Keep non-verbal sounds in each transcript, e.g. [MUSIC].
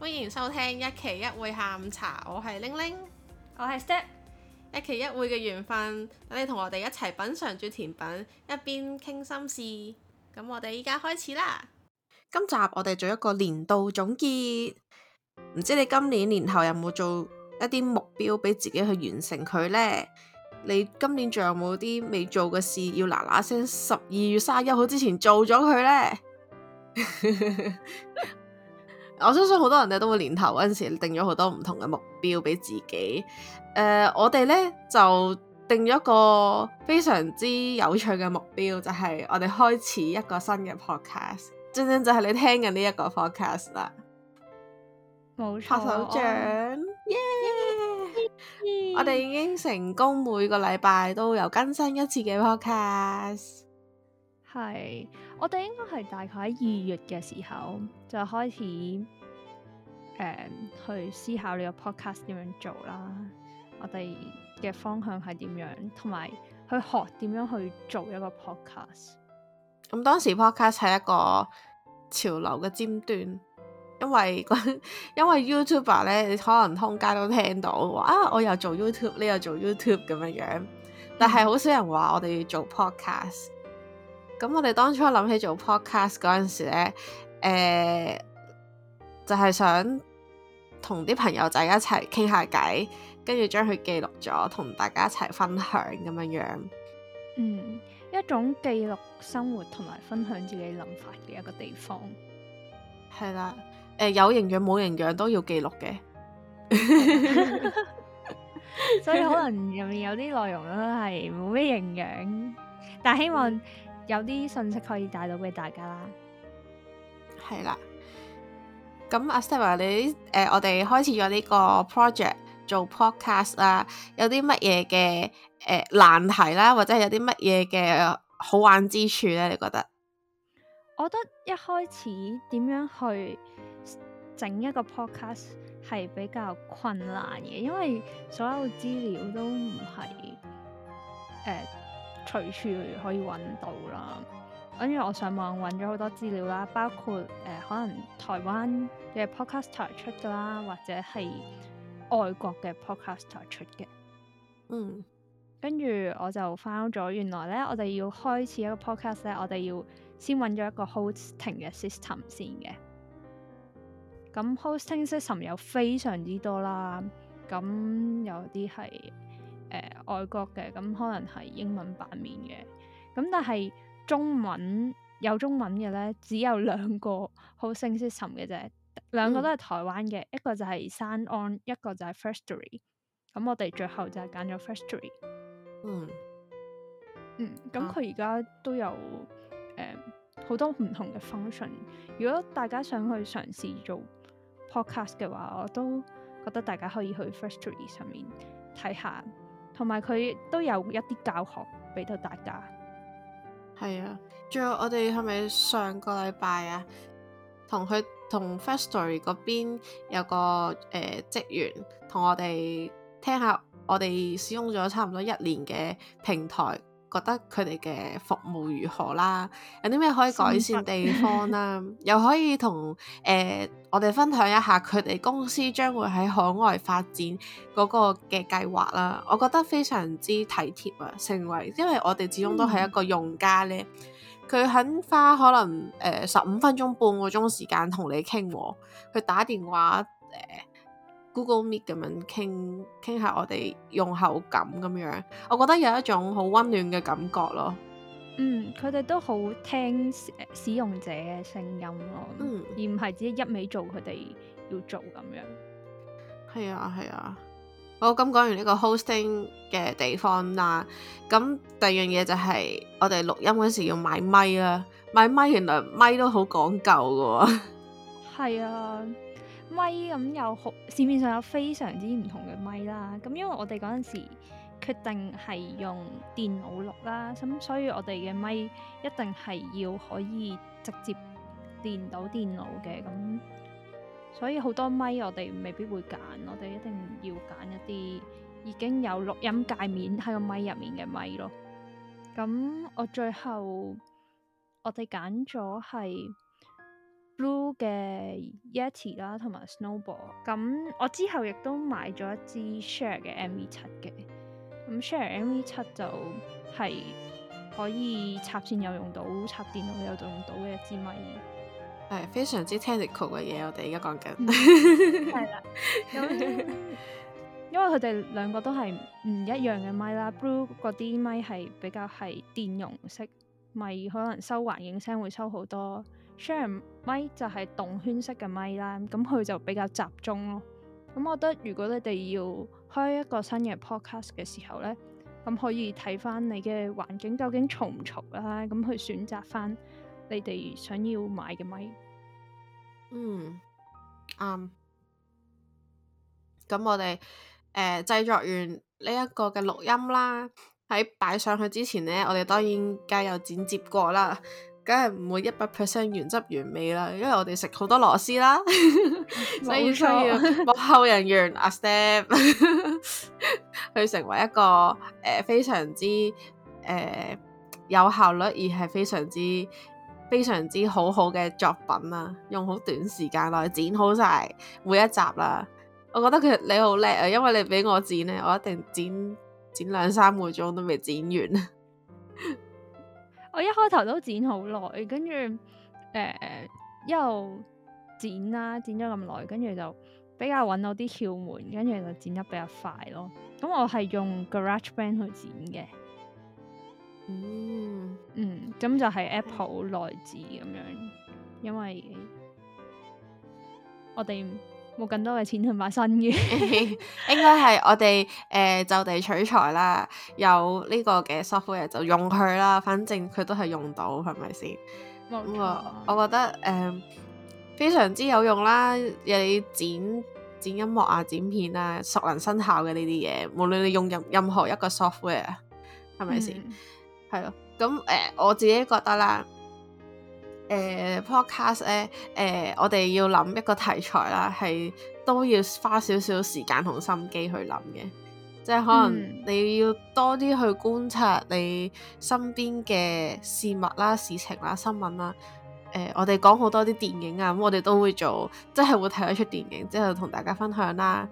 歡迎收聽一期一會下午茶，我係玲玲，我係 Step，一期一會嘅緣分，等你同我哋一齊品嘗住甜品，一邊傾心事。咁我哋依家開始啦。今集我哋做一個年度總結，唔知你今年年頭有冇做一啲目標俾自己去完成佢呢？你今年仲有冇啲未做嘅事要嗱嗱聲十二月三十一號之前做咗佢咧？ [LAUGHS] 我相信好多人咧都會年頭嗰陣時定咗好多唔同嘅目標俾自己。誒、呃，我哋咧就定咗個非常之有趣嘅目標，就係、是、我哋開始一個新嘅 podcast，正正就係你聽緊呢一個 podcast 啦。冇錯錯，我哋已經成功每個禮拜都有更新一次嘅 podcast。係我哋應該係大概喺二月嘅時候就開始誒、呃、去思考呢個 podcast 點樣做啦，我哋嘅方向係點樣，同埋去學點樣去做一個 podcast。咁當時 podcast 係一個潮流嘅尖端。因為因為 YouTuber 咧，你可能通街都聽到，啊，我又做 YouTube，你又做 YouTube 咁樣樣，但係好少人話我哋要做 Podcast。咁我哋當初諗起做 Podcast 嗰陣時咧，誒、呃，就係、是、想同啲朋友仔一齊傾下偈，跟住將佢記錄咗，同大家一齊分享咁樣樣。嗯，一種記錄生活同埋分享自己諗法嘅一個地方。係啦。誒、呃，有營養冇營養都要記錄嘅， [LAUGHS] [LAUGHS] [LAUGHS] 所以可能入面有啲內容都係冇咩營養，但希望有啲信息可以帶到俾大家啦。係啦，咁阿 Sarah 你誒、呃，我哋開始咗呢個 project 做 podcast 啦，有啲乜嘢嘅誒難題啦，或者係有啲乜嘢嘅好玩之處咧？你覺得？我覺得一開始點樣去？整一個 podcast 係比較困難嘅，因為所有資料都唔係誒隨處可以揾到啦。跟住我上網揾咗好多資料啦，包括誒、呃、可能台灣嘅 podcaster 出㗎啦，或者係外國嘅 podcaster 出嘅。嗯，跟住我就翻咗。原來咧，我哋要開始一個 podcast 咧，我哋要先揾咗一個 hosting 嘅 system 先嘅。咁 hosting system 有非常之多啦，咁有啲係誒外國嘅，咁可能係英文版面嘅，咁但係中文有中文嘅咧，只有兩個 hosting system 嘅啫，兩個都係台灣嘅，嗯、一個就係山安，一個就係 Firstory。咁我哋最後就係揀咗 Firstory。嗯，嗯，咁佢而家都有誒好、呃、多唔同嘅 function，如果大家想去嘗試做。podcast 嘅話，我都覺得大家可以去 Firstory 上面睇下，同埋佢都有一啲教學俾到大家。係啊，仲有我哋係咪上個禮拜啊？同佢同 Firstory 嗰邊有個誒職、呃、員同我哋聽下，我哋使用咗差唔多一年嘅平台。覺得佢哋嘅服務如何啦？有啲咩可以改善地方啦？ [LAUGHS] 又可以同誒、呃、我哋分享一下佢哋公司將會喺海外發展嗰個嘅計劃啦。我覺得非常之體貼啊，成為因為我哋始終都係一個用家咧，佢、嗯、肯花可能誒十五分鐘半個鐘時間同你傾，佢打電話誒。呃 Google Meet 咁樣傾傾下我哋用口感咁樣，我覺得有一種好溫暖嘅感覺咯。嗯，佢哋都好聽使用者嘅聲音咯。嗯，而唔係只一味做佢哋要做咁樣。係啊，係啊。好，咁講完呢個 hosting 嘅地方啦，咁第二樣嘢就係我哋錄音嗰時要買咪啦。買咪原來咪都好講究噶。係啊。咪，咁有好市面上有非常之唔同嘅咪啦，咁因為我哋嗰陣時決定係用電腦錄啦，咁所以我哋嘅咪一定係要可以直接連到電腦嘅，咁所以好多咪我哋未必會揀，我哋一定要揀一啲已經有錄音界面喺個咪入面嘅咪咯。咁我最後我哋揀咗係。Blue 嘅 Yeti 啦，同埋 Snowball。咁我之後亦都買咗一支 Share 嘅 M V 七嘅。咁 Share M V 七就係可以插線又用到，插電腦又用到嘅一支咪。誒、哎，非常之 technical 嘅嘢，我哋而家講緊。係啦。咁 [LAUGHS] 因為佢哋兩個都係唔一樣嘅咪啦。Blue 嗰啲咪係比較係電容式咪，可能收環境聲會收好多。Shure 咪就係動圈式嘅咪啦，咁佢就比較集中咯。咁我覺得如果你哋要開一個新嘅 podcast 嘅時候呢，咁可以睇翻你嘅環境究竟嘈唔嘈啦，咁去選擇翻你哋想要買嘅咪。嗯。嗯，啱。咁我哋誒製作完呢一個嘅錄音啦，喺擺上去之前呢，我哋當然梗有剪接過啦。梗係唔會一百 percent 原汁原味啦，因為我哋食好多螺絲啦， [LAUGHS] [LAUGHS] 所以需要幕後人員阿、 [LAUGHS] 啊、Step 去 [LAUGHS] 成為一個誒、呃、非常之誒、呃、有效率而係非常之非常之好好嘅作品啊！用好短時間內剪好晒每一集啦，我覺得佢你好叻啊，因為你俾我剪咧，我一定剪剪兩三個鐘都未剪完。 [LAUGHS] 我一開頭都剪好耐，跟住一又剪啦、啊，剪咗咁耐，跟住就比較搵到啲竅門，跟住就剪得比較快咯。咁我係用 GarageBand 去剪嘅，嗯嗯，咁就係 Apple 內置咁樣，因為我哋。冇咁多嘅錢去買新嘅， [LAUGHS] 應該係我哋誒、呃、就地取材啦，有呢個嘅 software 就用佢啦，反正佢都係用到，係咪先？咁啊錯，我覺得誒、呃、非常之有用啦，有剪剪音樂啊、剪片啊、熟能生巧嘅呢啲嘢，無論你用任任何一個 software，係咪先？係咯，咁誒、嗯 [LAUGHS] 嗯呃、我自己覺得啦。誒、uh,，podcast 咧、uh, uh, mm，誒，我哋要諗一個題材啦，係都要花少少時間同心機去諗嘅，即係可能你要多啲去觀察你身邊嘅事物啦、事情啦、新聞啦。誒、uh, uh, really so, uh,，我哋講好多啲電影啊，咁我哋都會做，即係會睇一出電影之後同大家分享啦。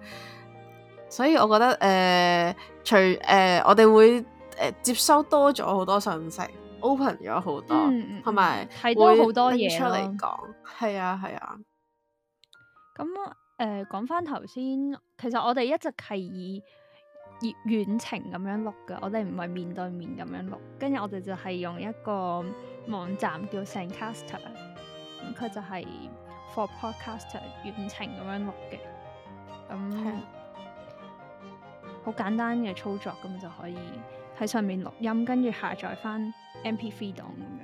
所以我覺得，誒，除誒，我哋會誒接收多咗好多信息。open 咗好多，同埋會拎出嚟講。係啊，係啊。咁誒，講翻頭先，其實我哋一直係以遠遠程咁樣錄嘅，我哋唔係面對面咁樣錄。跟住我哋就係用一個網站叫 Zencastr，佢就係 for podcast 遠程咁樣錄嘅。咁好簡單嘅操作，咁就可以喺上面錄音，跟住下載翻。M P three 檔咁樣，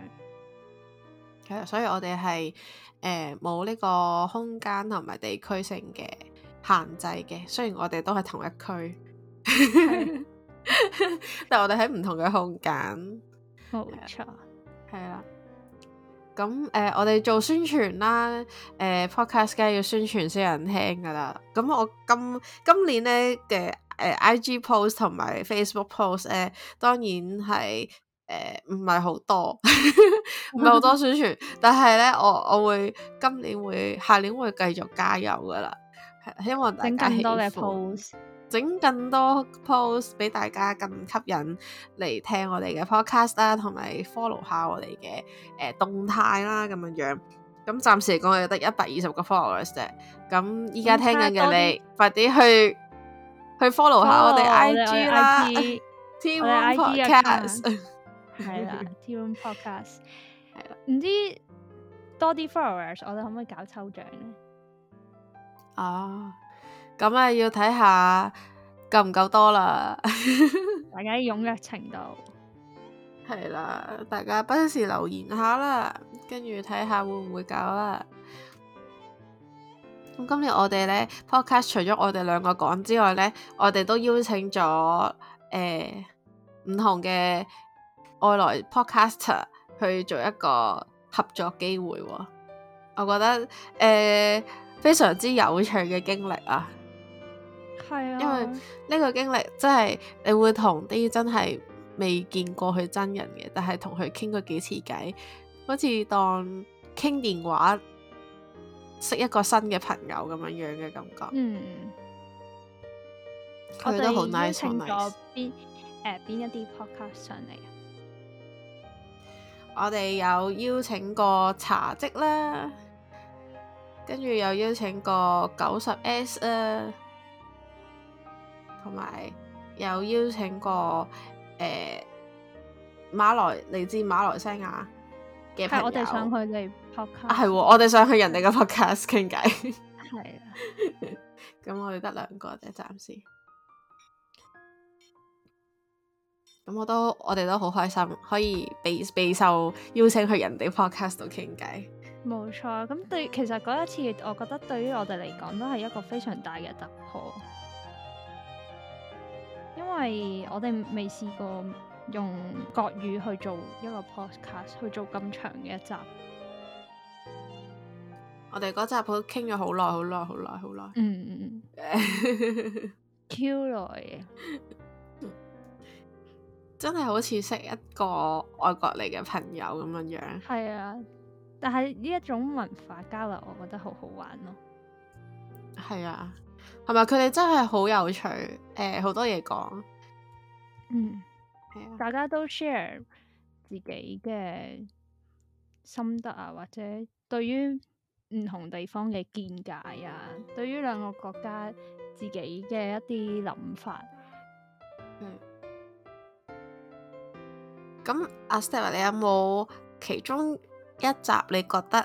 係，所以我哋係誒冇呢個空間同埋地區性嘅限制嘅。雖然我哋都係同一區，但係我哋喺唔同嘅空間。冇錯，係、呃、啦。咁、呃、誒，我哋做宣傳啦，誒，Podcast 梗係要宣傳先有人聽噶啦。咁我今今年咧嘅誒 I G post 同埋 Facebook post 誒、呃，當然係。誒，唔係好多，唔係好多宣傳， [LAUGHS] 但係咧，我我會今年會下年會繼續加油噶啦，希望大家整更多嘅 post，整更多 post 俾大家更吸引嚟聽我哋嘅 podcast 啦，同埋 follow 下我哋嘅誒動態啦，咁樣樣。咁暫時嚟講、嗯哦，我哋得一百二十個 followers 啫。咁依家聽緊嘅你，快啲去去 follow 下我哋 IG 啦，Tone Podcast。係啦 Tea Room Podcast，係啦，唔知多啲 followers，我哋可唔可以搞抽獎咧？哦，咁啊，要睇下夠唔夠多啦， [LAUGHS] [LAUGHS] 大家踴躍程度。係啦、哦，大家不時留言下啦，跟住睇下會唔會搞啦、啊。咁今年我哋咧 Podcast 除咗我哋兩個講之外咧，我哋都邀請咗誒唔同嘅。外來 podcaster 去做一個合作機會，哦，我覺得誒、呃、非常之有趣嘅經歷啊，係啊，因為呢個經歷真係、就是、你會同啲真係未見過佢真人嘅，但係同佢傾過幾次偈，好似當傾電話識一個新嘅朋友咁樣樣嘅感覺。嗯，都好 nice，我哋邀請咗邊誒邊一啲 podcast 上嚟？我哋有邀請過茶跡啦，跟住有邀請過九十 S 啊，同埋有，有邀請過誒、呃、馬來嚟自馬來西亞嘅朋友。我哋想去你嘅 podcast。係、啊啊，我哋想去人哋嘅 podcast 傾偈。係 [LAUGHS] 啊，咁 [LAUGHS] 我哋得兩個啫，暫時。咁我都我哋都好開心，可以被被受邀請去人哋 podcast 度傾偈。冇錯，咁對其實嗰一次，我覺得對於我哋嚟講都係一個非常大嘅突破，因為我哋未試過用國語去做一個 podcast，去做咁長嘅一集。我哋嗰集好傾咗好耐，好耐，好耐，好耐。嗯嗯嗯，超耐嘅。真係好似識一個外國嚟嘅朋友咁樣樣。係啊，但係呢一種文化交流，我覺得好好玩咯。係啊，同咪、啊？佢哋真係好有趣，誒、呃、好多嘢講。嗯，啊、大家都 share 自己嘅心得啊，或者對於唔同地方嘅見解啊，嗯、對於兩個國家自己嘅一啲諗法。嗯。咁阿 Step，你有冇其中一集你覺得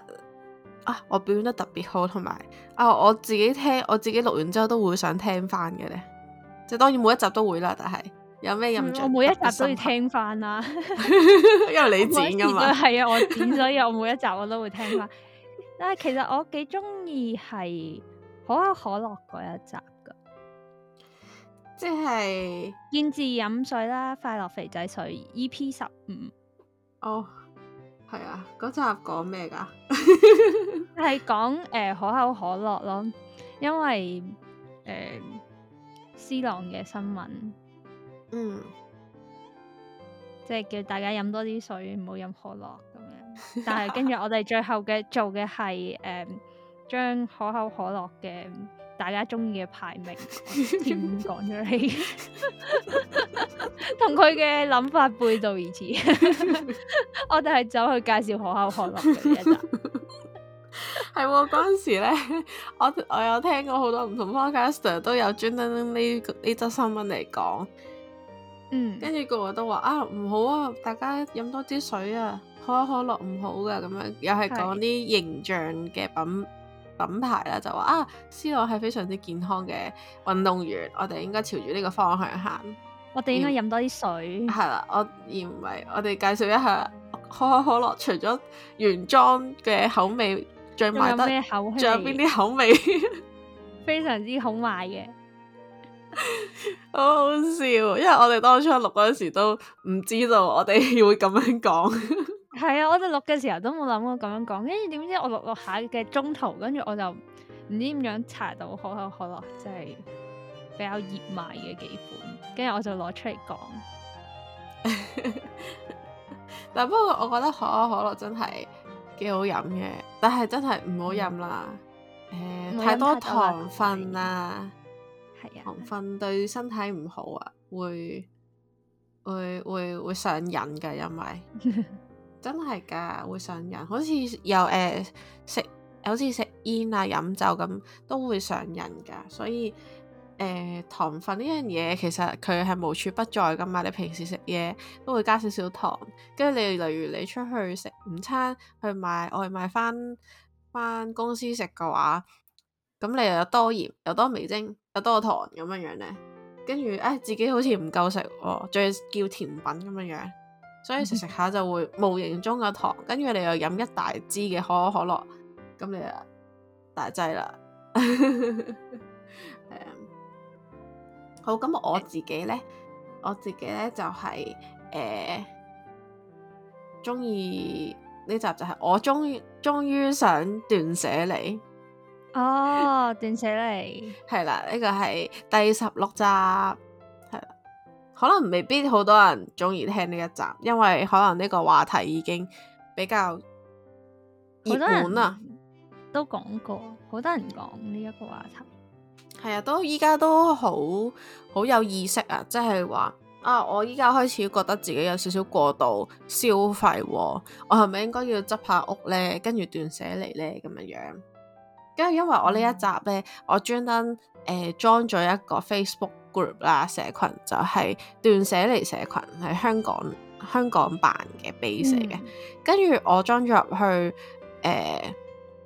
啊，我表演得特別好，同埋啊，我自己聽我自己錄完之後都會想聽翻嘅咧？即係當然每一集都會啦，但係有咩印象？我每一集都要聽翻啦， [LAUGHS] 因為你剪噶 [LAUGHS] [LAUGHS] 嘛係啊，我剪，所以我每一集我都會聽翻。但係其實我幾中意係可口可樂嗰一集。即係健智飲水啦，快樂肥仔水 EP 十五哦，係啊、oh，嗰集講咩噶？係講誒可口可樂咯，因為誒 C 朗嘅新聞，嗯，即係叫大家飲多啲水，唔好飲可樂咁樣。但係跟住我哋最後嘅做嘅係誒，將、呃、可口可樂嘅。大家中意嘅排名點講出嚟？同佢嘅諗法背道而馳。我哋係 [LAUGHS] [LAUGHS] 搭而 [LAUGHS] 走去介紹可口可樂嘅嘢噶。係喎，嗰陣時咧，我我有聽過好多唔同 podcaster 都有專登呢呢則新聞嚟講。嗯，跟住個個都話啊，唔好啊，大家飲多啲水啊，可口可樂唔好噶，咁樣又係講啲形象嘅品。品牌啦就話啊，C 朗係非常之健康嘅運動員，我哋應該朝住呢個方向行，嗯。我哋應該飲多啲水。係啦，我認為我哋介紹一下可口可樂，除咗原裝嘅口味最賣得，仲有咩口味？仲有邊啲口，口味 [LAUGHS] 非常之好賣嘅。 [LAUGHS] [LAUGHS] 好好笑，因為我哋當初錄嗰陣時都唔知道我哋會咁樣講。 [LAUGHS] 係啊，我哋錄嘅時候都冇諗過咁樣講，跟住點知我錄落下嘅中途，跟住我就唔知點樣查到可口可樂，即係比較熱賣嘅幾款，跟住我就攞出嚟講。嗱，不過我覺得可口可樂真係幾好飲嘅，但係真係唔好飲啦，誒、嗯，呃、太多糖分啊，嗯、糖分對身體唔好啊，啊會會會會上癮㗎，因為。 [LAUGHS] 真係㗎會上癮，好似又誒、呃、食，好似食煙啊、飲酒咁、啊、都會上癮㗎。所以誒、呃、糖分呢樣嘢其實佢係無處不在㗎嘛。你平時食嘢都會加少少糖，跟住你例如你出去食午餐，去買外賣，翻翻公司食嘅話，咁你又有多鹽又多味精又多糖咁樣樣呢。跟住誒自己好似唔夠食，仲、哦、要叫甜品咁樣樣。所以食食下就會無形中嘅糖，跟住你又飲一大支嘅可口可樂，咁你啊大劑啦。 [LAUGHS] um，好咁我自己咧，欸、我自己咧就係誒中意呢集就係我終於終於想斷捨離。哦，斷捨離係啦，呢、 [LAUGHS] 呢個係第十六集。可能未必好多人中意聽呢一集，因為可能呢個話題已經比較熱門啊，都講過，好多人講呢一個話題。係啊，都依家都好好有意識啊，即係話啊，我依家開始覺得自己有少少過度消費，啊，我係咪應該要執下屋呢？跟住斷捨離呢？咁樣樣？跟住因為我呢一集呢，嗯、我專登誒裝咗一個 Facebook。group 啦，社群就係、是、斷捨離社群係香港香港辦嘅 base 嚟嘅，跟住、嗯、我裝咗入去誒、呃、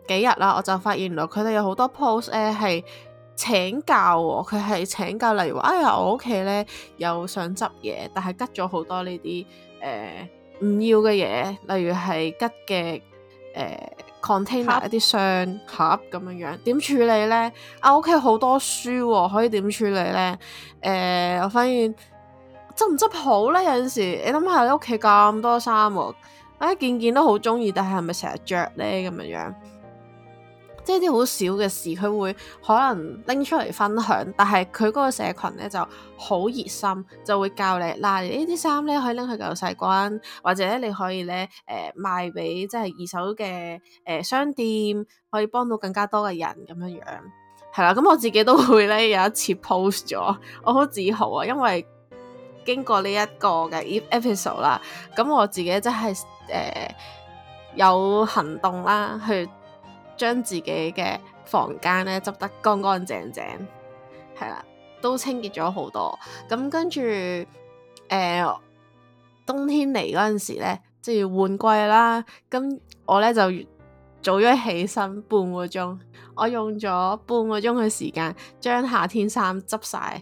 幾日啦，我就發現原來佢哋有好多 post 咧、呃、係請教、哦，佢係請教，例如話哎呀我屋企咧有想執嘢，但係吉咗好多呢啲誒唔要嘅嘢，例如係吉嘅誒。呃 Container 一啲箱盒咁樣樣點處理呢？啊，屋企好多書、啊、可以點處理呢？誒、呃，我發現執唔執好呢？有陣時你諗下你屋企咁多衫，誒、哎、件件都好中意，但係係咪成日著呢咁樣樣？即係啲好少嘅事，佢會可能拎出嚟分享，但係佢嗰個社群咧就好熱心，就會教你嗱、啊、呢啲衫咧可以拎去救世軍，或者你可以咧誒、呃、賣俾即係二手嘅誒、呃、商店，可以幫到更加多嘅人咁樣樣，係啦。咁、嗯、我自己都會咧有一次 post 咗，我好自豪啊，因為經過呢一個嘅 episode 啦，咁、嗯、我自己真係誒有行動啦去。將自己嘅房間咧執得乾乾淨淨，係啦，都清潔咗好多。咁跟住，誒、呃，冬天嚟嗰陣時咧，即係換季啦。咁我咧就早咗起身半個鐘，我用咗半個鐘嘅時間將夏天衫執晒，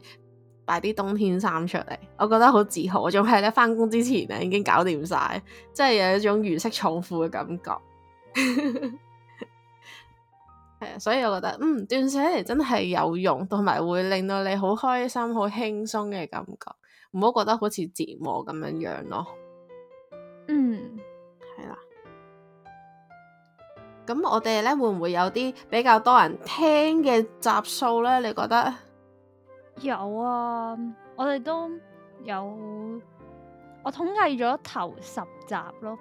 擺啲冬天衫出嚟。我覺得好自豪，我仲係咧翻工之前咧已經搞掂晒，真係有一種如釋重負嘅感覺。 [LAUGHS] 係，所以我覺得嗯，斷捨離真係有用，同埋會令到你好開心、好輕鬆嘅感覺，唔好覺得好似折磨咁樣樣咯。嗯，係啦。咁我哋咧會唔會有啲比較多人聽嘅集數咧？你覺得？有啊，我哋都有，我統計咗頭十集咯，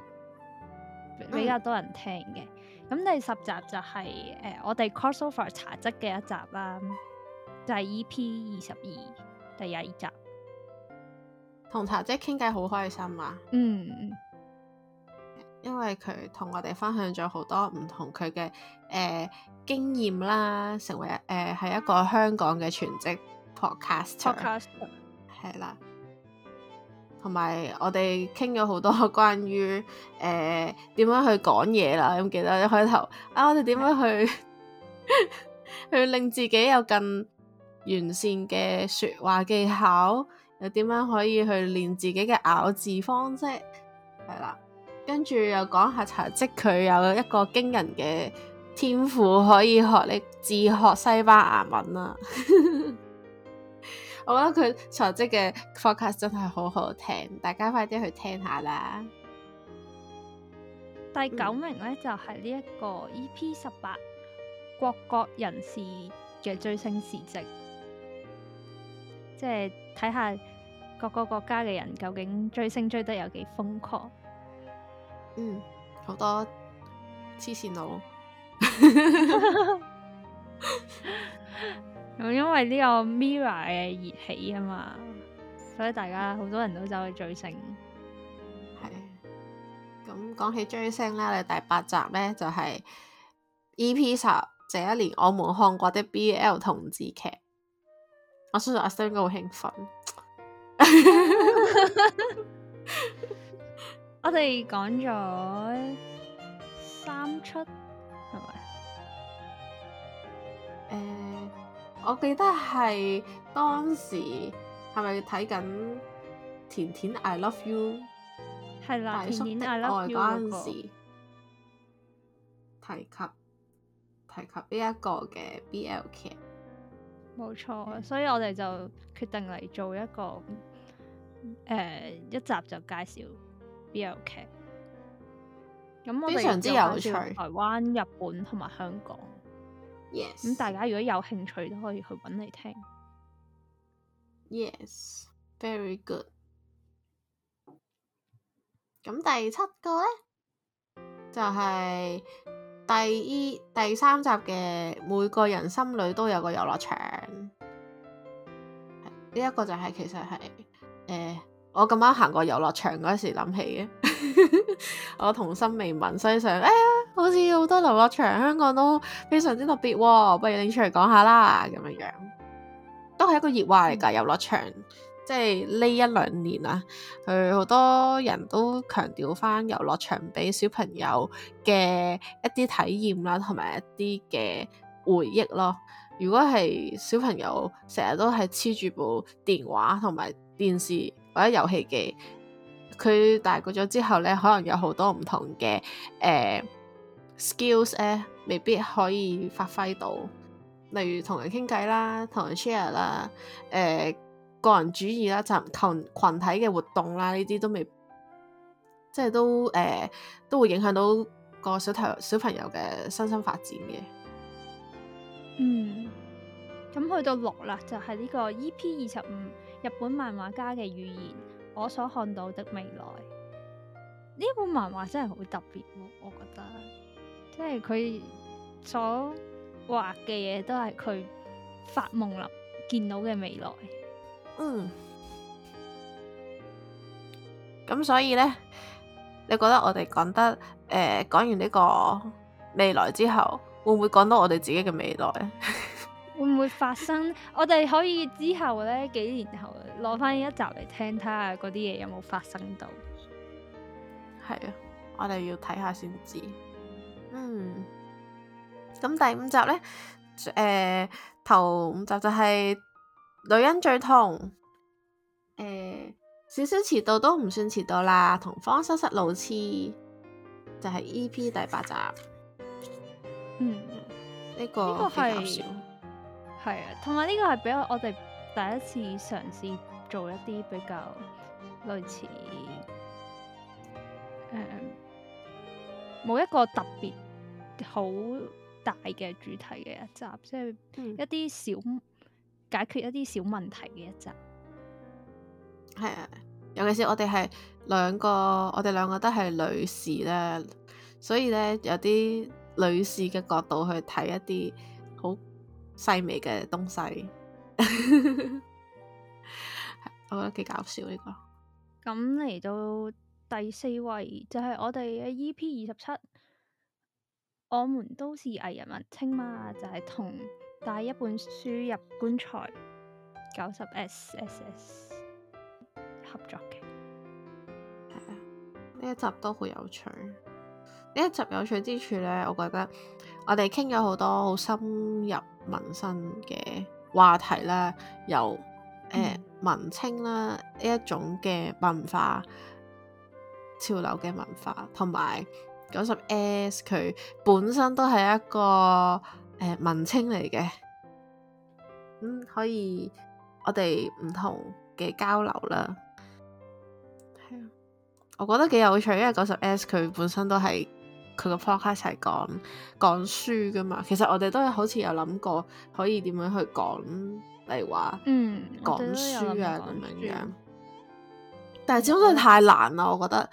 比較多人聽嘅。嗯咁第十集就係、是、誒、呃，我哋 crossover 茶質嘅一集啦、啊，就係、是、E P 二十二第廿二集，同茶姐傾偈好開心啊！嗯嗯，因為佢同我哋分享咗好多唔同佢嘅誒經驗啦，成為誒係、呃、一個香港嘅全職 podcast，係、嗯、啦。同埋我哋傾咗好多關於誒點樣去講嘢啦，咁記得一開頭啊，我哋點樣去 [LAUGHS] 去令自己有更完善嘅説話技巧，又點樣可以去練自己嘅咬字方式，係啦，跟住又講下查積，佢有一個驚人嘅天賦，可以學你自學西班牙文啦。 [LAUGHS] 我覺得佢財政嘅 forecast 真係好好聽，大家快啲去聽下啦！第九名呢，嗯、就係呢一個 EP 十八國國人士嘅追星事跡，即係睇下各個國家嘅人究竟追星追得有幾瘋狂。嗯，好多黐線佬。 [LAUGHS] [LAUGHS] 因為呢個 MIRROR 嘅熱起啊嘛，所以大家好多人都走去追星。係。咁講起追星咧，第八集咧就係、是、E.P. 十這一年我們看過的 B.L. 同志劇。阿叔阿 Sir 好興奮。 [LAUGHS] [LAUGHS] [LAUGHS] 我哋講咗三出係咪？誒。欸我記得係當時係咪睇緊《甜甜 I Love You 的》？係啦，《甜甜 I Love You》嗰陣時提及提及呢一個嘅 BL 劇，冇錯。所以我哋就決定嚟做一個誒、呃、一集就介紹 BL 劇。咁我非常之有趣，台灣、日本同埋香港。咁 Yes.、嗯、大家如果有興趣都可以去揾你聽。Yes, very good。咁第七個呢，就係、是、第二第三集嘅每個人心裏都有個遊樂場。呢一個就係、是、其實係我咁啱行過遊樂場嗰時諗起嘅，我童 [LAUGHS] 心未泯，所以想、哎好似好多遊樂場，香港都非常之特別喎、哦。不如你出嚟講下啦，咁樣樣都係一個熱話嚟㗎。遊樂場即係呢一兩年啊，佢好多人都強調翻遊樂場俾小朋友嘅一啲體驗啦，同埋一啲嘅回憶咯。如果係小朋友成日都係黐住部電話同埋電視或者遊戲機，佢大個咗之後咧，可能有好多唔同嘅誒、呃 skills 咧、啊、未必可以發揮到，例如同人傾偈啦，同人 share 啦，誒、呃、個人主義啦，就群羣體嘅活動啦，呢啲都未，即係都誒、呃、都會影響到個小童小朋友嘅身心發展嘅。嗯，咁去到六啦，就係、是、呢個 EP 二十五日本漫畫家嘅語言，我所看到的未來呢本漫畫真係好特別喎、啊，我覺得。即係佢所畫嘅嘢，都係佢發夢啦，見到嘅未來。嗯。咁所以呢，你覺得我哋講得誒，講、呃、講完呢個未來之後，會唔會講到我哋自己嘅未來啊？ [LAUGHS] 會唔會發生？我哋可以之後呢幾年後，攞翻一集嚟聽，睇下嗰啲嘢有冇發生到。係啊，我哋要睇下先知。嗯，咁第五集呢？誒、呃，頭五集就係女人最痛，誒、呃，少少遲到都唔算遲到啦，同方失失路痴，就係、是、EP 第八集，嗯，呢個係係啊，同埋呢個係比較我哋第一次嘗試做一啲比較類似，誒、嗯，冇一個特別。好大嘅主題嘅一集，即係一啲小解決一啲小問題嘅一集，係啊、嗯。尤其是我哋係兩個，我哋兩個都係女士咧，所以咧有啲女士嘅角度去睇一啲好細微嘅東西， [LAUGHS] 我覺得幾搞笑呢個。咁嚟到第四位就係我哋嘅 EP 二十七。我們都是藝人文青嘛，就係同帶一本書入棺材，九十 S S S 合作嘅。係呢、uh, 呢一集都好有趣。呢一集有趣之處呢，我覺得我哋傾咗好多好深入民生嘅話題啦，由誒文青啦呢一種嘅文化潮流嘅文化，同埋。九十 S 佢本身都係一個誒、呃、文青嚟嘅，咁、嗯、可以我哋唔同嘅交流啦。係啊的，我覺得幾有趣，因為九十 S 佢本身都係佢個 podcast 係講講書噶嘛。其實我哋都好似有諗過可以點樣去講，例如話嗯講書啊咁樣樣。但係始終都係太難啦，我覺得。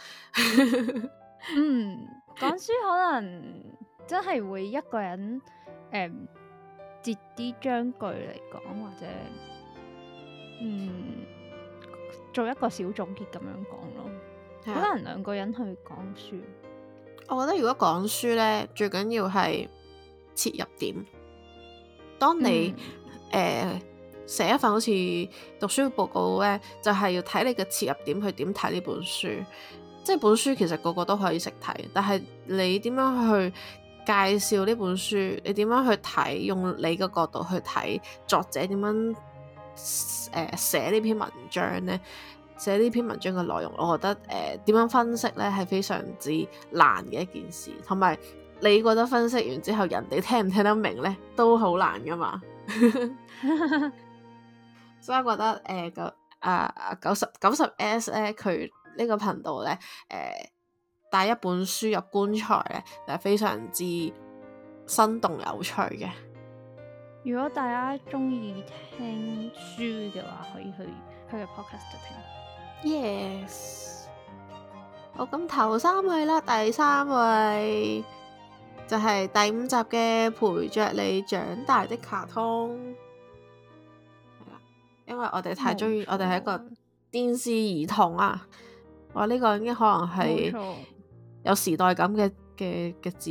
嗯。 [LAUGHS] 嗯講書可能真係會一個人，誒、嗯，截啲章句嚟講，或者，嗯，做一個小總結咁樣講咯。係。可能兩個人去講書。我覺得如果講書咧，最緊要係切入點。當你誒寫，嗯呃，一份好似讀書報告咧，就係、是、要睇你嘅切入點去點睇呢本書。即係本書其實個個都可以識睇，但係你點樣去介紹呢本書？你點樣去睇？用你嘅角度去睇作者點樣誒寫呢篇文章呢？寫呢篇文章嘅內容，我覺得誒點、呃、樣分析呢係非常之難嘅一件事，同埋你覺得分析完之後人哋聽唔聽得明呢都好難噶嘛？ [LAUGHS] [LAUGHS] [LAUGHS] 所以我覺得誒九啊九十九十 S 咧佢。呢個頻道呢，誒、呃，帶一本書入棺材呢，就係非常之生動有趣嘅。如果大家中意聽書嘅話，可以去去個 podcast 聽。Yes，好，咁頭三位啦，第三位就係、是、第五集嘅陪着你長大的卡通，係啦，冇錯因為我哋太中意，冇錯我哋係一個電視兒童啊。哇！呢，這個已經可能係有時代感嘅嘅嘅字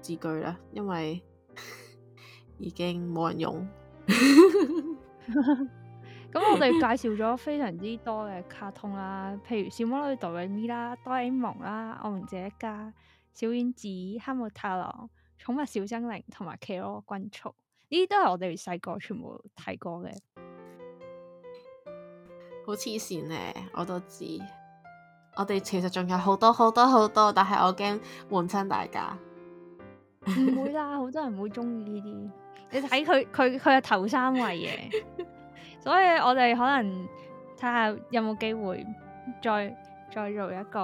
字句啦，因為 [LAUGHS] 已經冇人用。咁 [LAUGHS] [LAUGHS] 我哋介紹咗非常之多嘅卡通啦，譬如《小魔女哆黛咪》啦，《哆啦 A 夢》啦，《我們這一家》、《小丸子》、《哈姆太郎》、《寵物小精靈》同埋《奇羅昆蟲》呢啲都係我哋細個全部睇過嘅。好黐線咧，我都知。我哋其實仲有好多好多好多，但係我驚換親大家，唔會啦，好 [LAUGHS] 多人唔會中意呢啲。你睇佢佢佢係頭三位嘅， [LAUGHS] 所以我哋可能睇下有冇機會再再做一個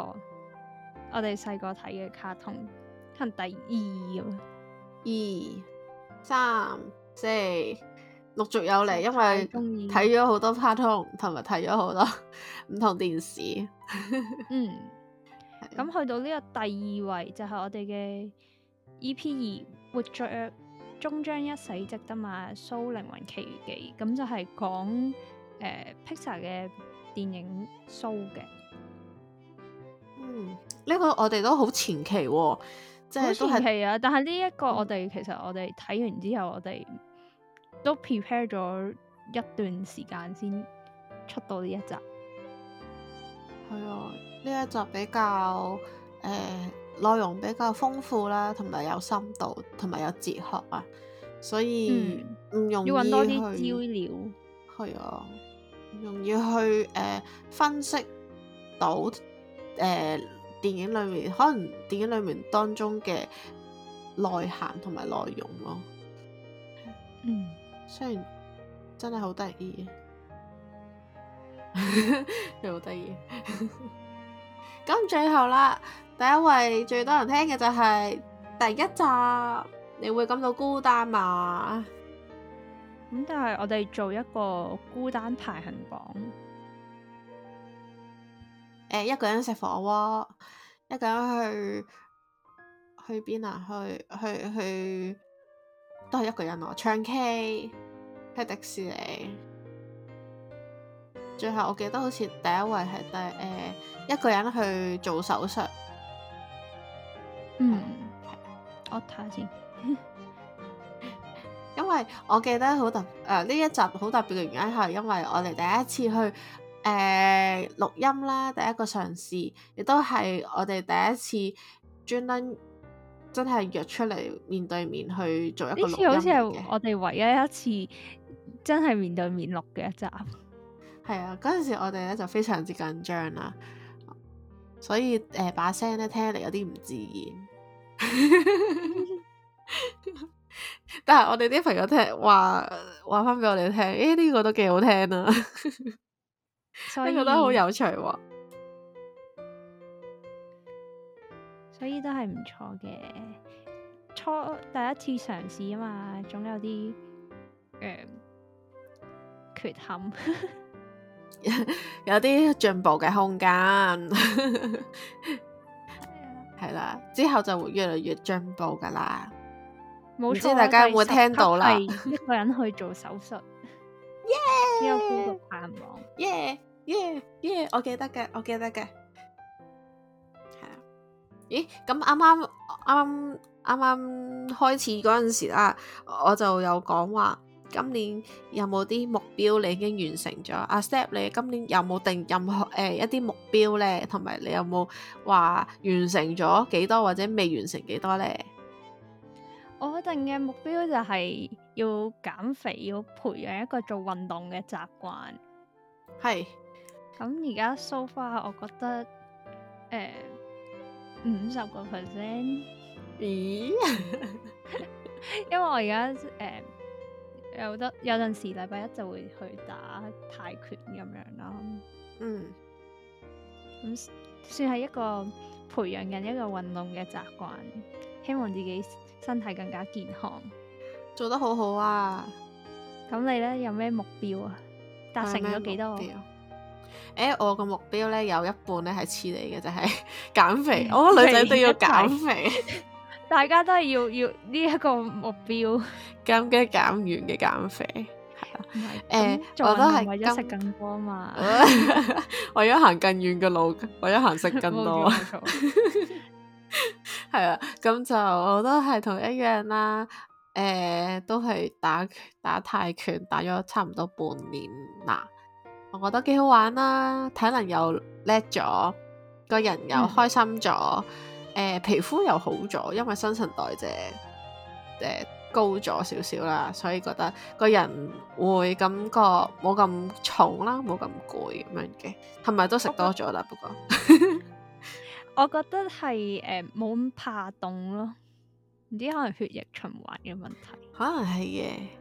我哋細個睇嘅卡通，可能第二咁樣，二三四。陸續有嚟，因為睇咗好多 p a r t 同埋睇咗好多唔同電視。 [LAUGHS] 嗯，咁去到呢個第二位就係、是、我哋嘅 EP2 活著終將一死，值得嘛？蘇靈魂奇遇記，咁就係講誒、呃、Pixar 嘅電影蘇嘅。嗯，呢、這個我哋都好前期喎、哦，即、就、係、是、都是前期啊！但係呢一個我哋其實我哋睇完之後，我哋。都 prepare 咗一段時間先出到呢一集，係啊、嗯，呢一集比較誒、呃、內容比較豐富啦，同埋有深度，同埋有哲學啊，所以唔容易、嗯、要揾多啲資料，係啊、嗯，容易去誒、呃、分析到誒、呃、電影裏面可能電影裏面當中嘅內涵同埋內容咯、喔，嗯。雖然真係好得意，你好得意。咁最後啦，第一位最多人聽嘅就係第一集，你會感到孤單嘛？咁但係我哋做一個孤單排行榜。誒，一個人食火鍋，一個人去去邊啊？去去去。都係一個人咯，唱 K，喺迪士尼。最後我記得好似第一位係第、呃、一個人去做手術。嗯，嗯，我睇下先看看。 [LAUGHS] 因為我記得好特誒呢一集好特別嘅原因係因為我哋第一次去誒、呃、錄音啦，第一個嘗試，亦都係我哋第一次專登。真係約出嚟面對面去做一個錄音嘅，呢次好似係我哋唯一一次真係面對面錄嘅一集。係啊，嗰 [NOISE] 陣 [NOISE] 時我哋咧就非常之緊張啦，所以誒把聲咧聽起嚟有啲唔自然。 [LAUGHS] [LAUGHS] 但係我哋啲朋友聽話，話翻俾我哋聽，誒、欸、呢、這個都幾好聽啊 [LAUGHS] 覺 [LAUGHS] 所以覺得好有趣。所以都係唔錯嘅，初第一次嘗試啊嘛，總有啲誒、呃、缺陷， [LAUGHS] [LAUGHS] 有啲進步嘅空間，係 [LAUGHS] 啦了，之後就會越嚟越進步噶啦。冇知大家有冇聽到啦？一個人去做手術，耶 [LAUGHS] Yeah!！呢個高級盼望。耶耶耶，我記得嘅，我記得嘅。咦，咁啱啱啱啱開始嗰陣時啦，我就有講話，今年有冇啲目標你已經完成咗？阿 Sam 你今年有冇定任何誒一啲目標呢？同埋你有冇話完成咗幾多或者未完成幾多呢？我定嘅目標就係要減肥，要培養一個做運動嘅習慣。係。咁而家 so far，我覺得誒。五十個 percent，咦？ [LAUGHS] 因為我而家誒有得有陣時禮拜一就會去打泰拳咁樣啦。嗯，咁算係一個培養緊一個運動嘅習慣，希望自己身體更加健康。做得好好啊！咁你咧有咩目標啊？達成咗幾多？誒、欸，我個目標咧有一半咧係似你嘅，就係、是、減肥。我個、mm. 哦，女仔都要減肥， [LAUGHS] 大家都係要要呢一個目標，減驚減，完嘅減肥，係啦、 [LAUGHS] 欸。誒、欸，我都係為咗食更多啊嘛，為咗行更遠嘅路，為咗行食更多啊。係 [LAUGHS] 啊，咁 [LAUGHS] 就我都係同一樣啦。誒、呃，都係打打泰拳，打咗差唔多半年啦。我覺得幾好玩啦，體能又叻咗，個人又開心咗，誒、嗯呃，皮膚又好咗，因為新陳代謝誒、呃、高咗少少啦，所以覺得個人會感覺冇咁重啦，冇咁攰咁樣嘅，係咪都食多咗啦，不過我覺得係誒冇咁怕凍咯，唔知可能血液循環嘅問題，可能係嘅。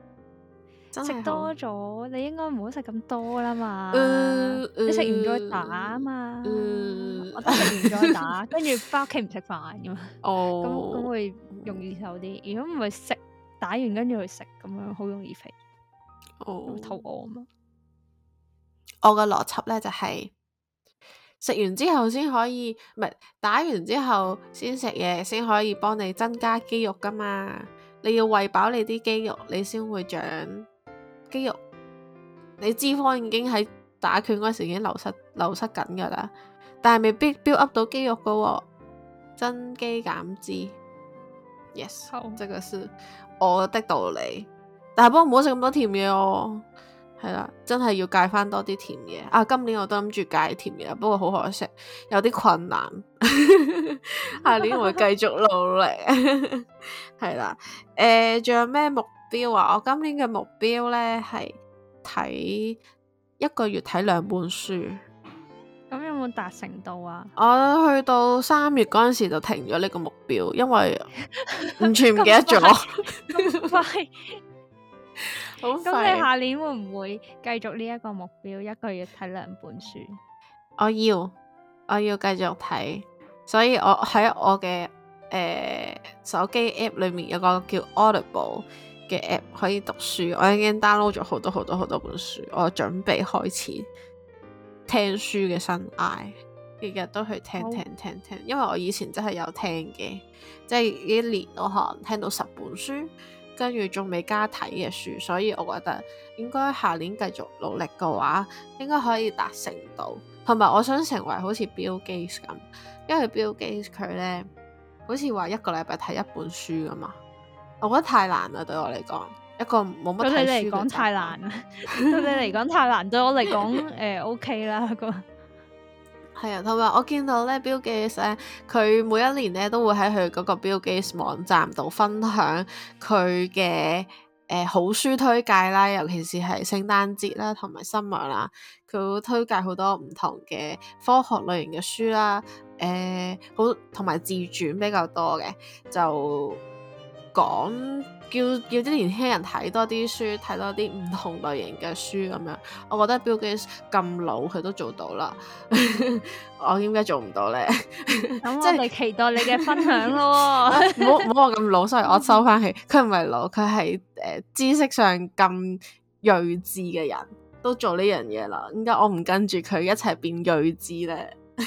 食多咗，嗯、你應該唔好食咁多啦嘛。嗯、你食完再打啊嘛，嗯、我食完再打，跟住翻屋企唔食飯咁。 [LAUGHS] 哦，咁咁會容易瘦啲。如果唔係食打完跟住去食咁樣，好容易肥。哦，肚餓嘛。我嘅邏輯咧就係食完之後先、哦就是、可以，唔係打完之後先食嘢，先可以幫你增加肌肉噶嘛。你要餵飽你啲肌肉，你先會長。肌肉，你脂肪已經喺打拳嗰時已經流失流失緊噶啦，但係未必 build up 到肌肉噶喎。哦，增肌減脂，yes，好這個是我的道理，但係不過唔好食咁多甜嘢哦，係啦，真係要戒翻多啲甜嘢啊！今年我都諗住戒甜嘢，不過好可惜，有啲困難， [LAUGHS] 下年會繼續努力，係啦， [LAUGHS] [LAUGHS] 誒、呃，仲有咩目？標啊！我今年嘅目標呢，係睇一個月睇兩本書，咁、嗯、有冇達成到啊？我去到三月嗰陣時就停咗呢個目標，因為完全唔記得咗。咁 [LAUGHS] 快，你下年會唔會繼續呢一個目標？一個月睇兩本書？我要我要繼續睇，所以我喺我嘅誒、呃、手機 app 裏面有個叫 Audible。嘅 app 可以讀書，我已經 download 咗好多好多好多本書，我準備開始聽書嘅生涯，日日都去聽聽聽聽，因為我以前真係有聽嘅，即係一年都可能聽到十本書，跟住仲未加睇嘅書，所以我覺得應該下年繼續努力嘅話，應該可以達成到，同埋我想成為好似 Bill Gates 咁，因為 Bill Gates 佢呢好似話一個禮拜睇一本書㗎嘛。我覺得太難啦，對我嚟講，一個冇乜。對你嚟講太難啦，對你嚟講太難。對我嚟講，誒 OK 啦個。係啊，同埋我見到咧 Bill Gates 咧，佢每一年咧都會喺佢嗰個 Bill Gates 網站度分享佢嘅誒好書推介啦，尤其是係聖誕節啦，同埋新年啦，佢會推介好多唔同嘅科學類型嘅書啦，誒、呃、好同埋自傳比較多嘅就。講叫叫啲年輕人睇多啲書，睇多啲唔同類型嘅書咁樣，我覺得 Bill Gates 咁老佢都做到啦。 [LAUGHS] 我點解做唔到咧？咁 [LAUGHS] 我哋期待你嘅分享咯。冇 [LAUGHS] 好 [LAUGHS] 我咁老，所以我收翻起。佢唔係老，佢係誒知識上咁睿智嘅人都做呢樣嘢啦。點解我唔跟住佢一齊變睿智咧？ [LAUGHS]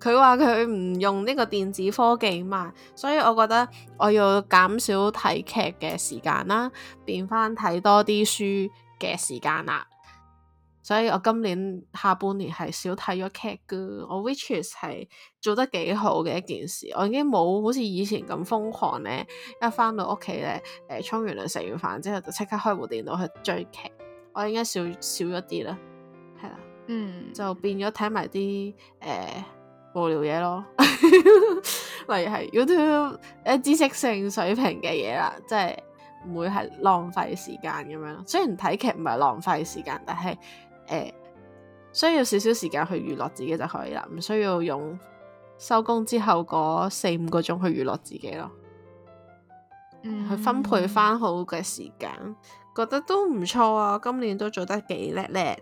佢話佢唔用呢個電子科技嘛，所以我覺得我要減少睇劇嘅時間啦，變翻睇多啲書嘅時間啦。所以我今年下半年係少睇咗劇噶，我 which is 係做得幾好嘅一件事，我已經冇好似以前咁瘋狂咧，一翻到屋企咧，誒、呃、沖完涼食完飯之後就即刻開部電腦去追劇，我應該少少咗啲啦。嗯，就變咗睇埋啲誒無聊嘢。咯， [LAUGHS] 例如係 YouTube 誒、呃、知識性水平嘅嘢啦，即係唔會係浪費時間咁樣。雖然睇劇唔係浪費時間，但係誒、呃、需要少少時間去娛樂自己就可以啦，唔需要用收工之後嗰四五個鐘去娛樂自己咯。嗯，去分配翻好嘅時間，覺得都唔錯啊！今年都做得幾叻叻。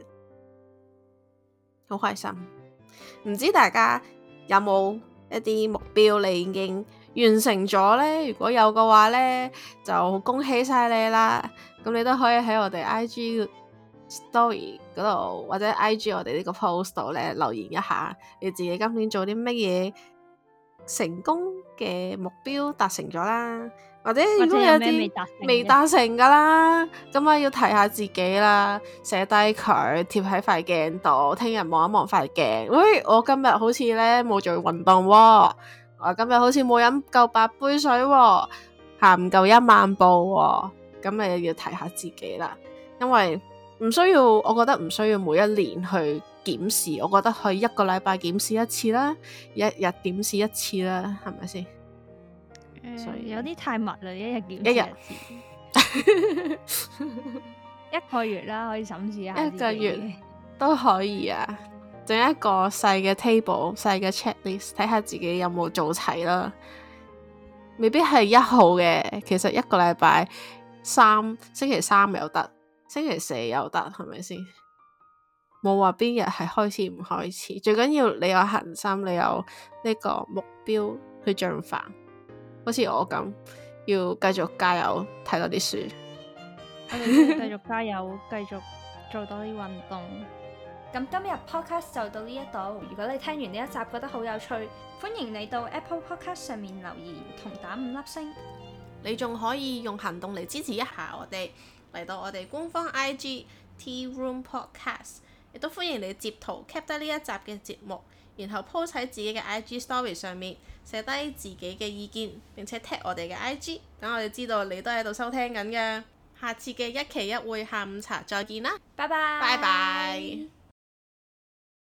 好開心，唔知大家有冇一啲目標你已經完成咗咧？如果有嘅話咧，就恭喜晒你啦！咁你都可以喺我哋 IG story 嗰度或者 IG 我哋呢個 post 度咧留言一下，你自己今年做啲乜嘢成功嘅目標達成咗啦～或者如果有啲未達成噶啦，咁啊要提下自己啦，寫低佢貼喺塊鏡度，聽日望一望塊鏡，喂、哎，我今日好似咧冇做運動，啊，我今日好似冇飲夠八杯水，啊，行唔夠一萬步，啊，咁你要提下自己啦，因為唔需要，我覺得唔需要每一年去檢視，我覺得去一個禮拜檢視一次啦，一日檢視一次啦，係咪先？誒，嗯、所以有啲太密啦，一日檢一次，一個月啦可以審視下，一個月都可以啊。整一個細嘅、啊嗯、table，細嘅 checklist，睇下自己有冇做齊啦。未必係一號嘅，其實一個禮拜三星期三又得，星期四又得，係咪先？冇話邊日係開始唔開始，最緊要你有恆心，你有呢個目標去進化。好似我咁，要繼續加油睇多啲書，繼續加油，繼續做多啲運動。咁今日 podcast 就到呢一度。如果你聽完呢一集覺得好有趣，歡迎你到 Apple Podcast 上面留言同打五粒星。 [MUSIC] 你仲可以用行動嚟支持一下我哋，嚟到我哋官方 IG Tea Room Podcast，亦都歡迎你截圖 keep 得呢一集嘅節目。然後 po 喺自己嘅 IG story 上面，寫低自己嘅意見，並且 tag 我哋嘅 IG，等我哋知道你都喺度收聽緊嘅。下次嘅一期一會下午茶再見啦，拜拜。拜拜。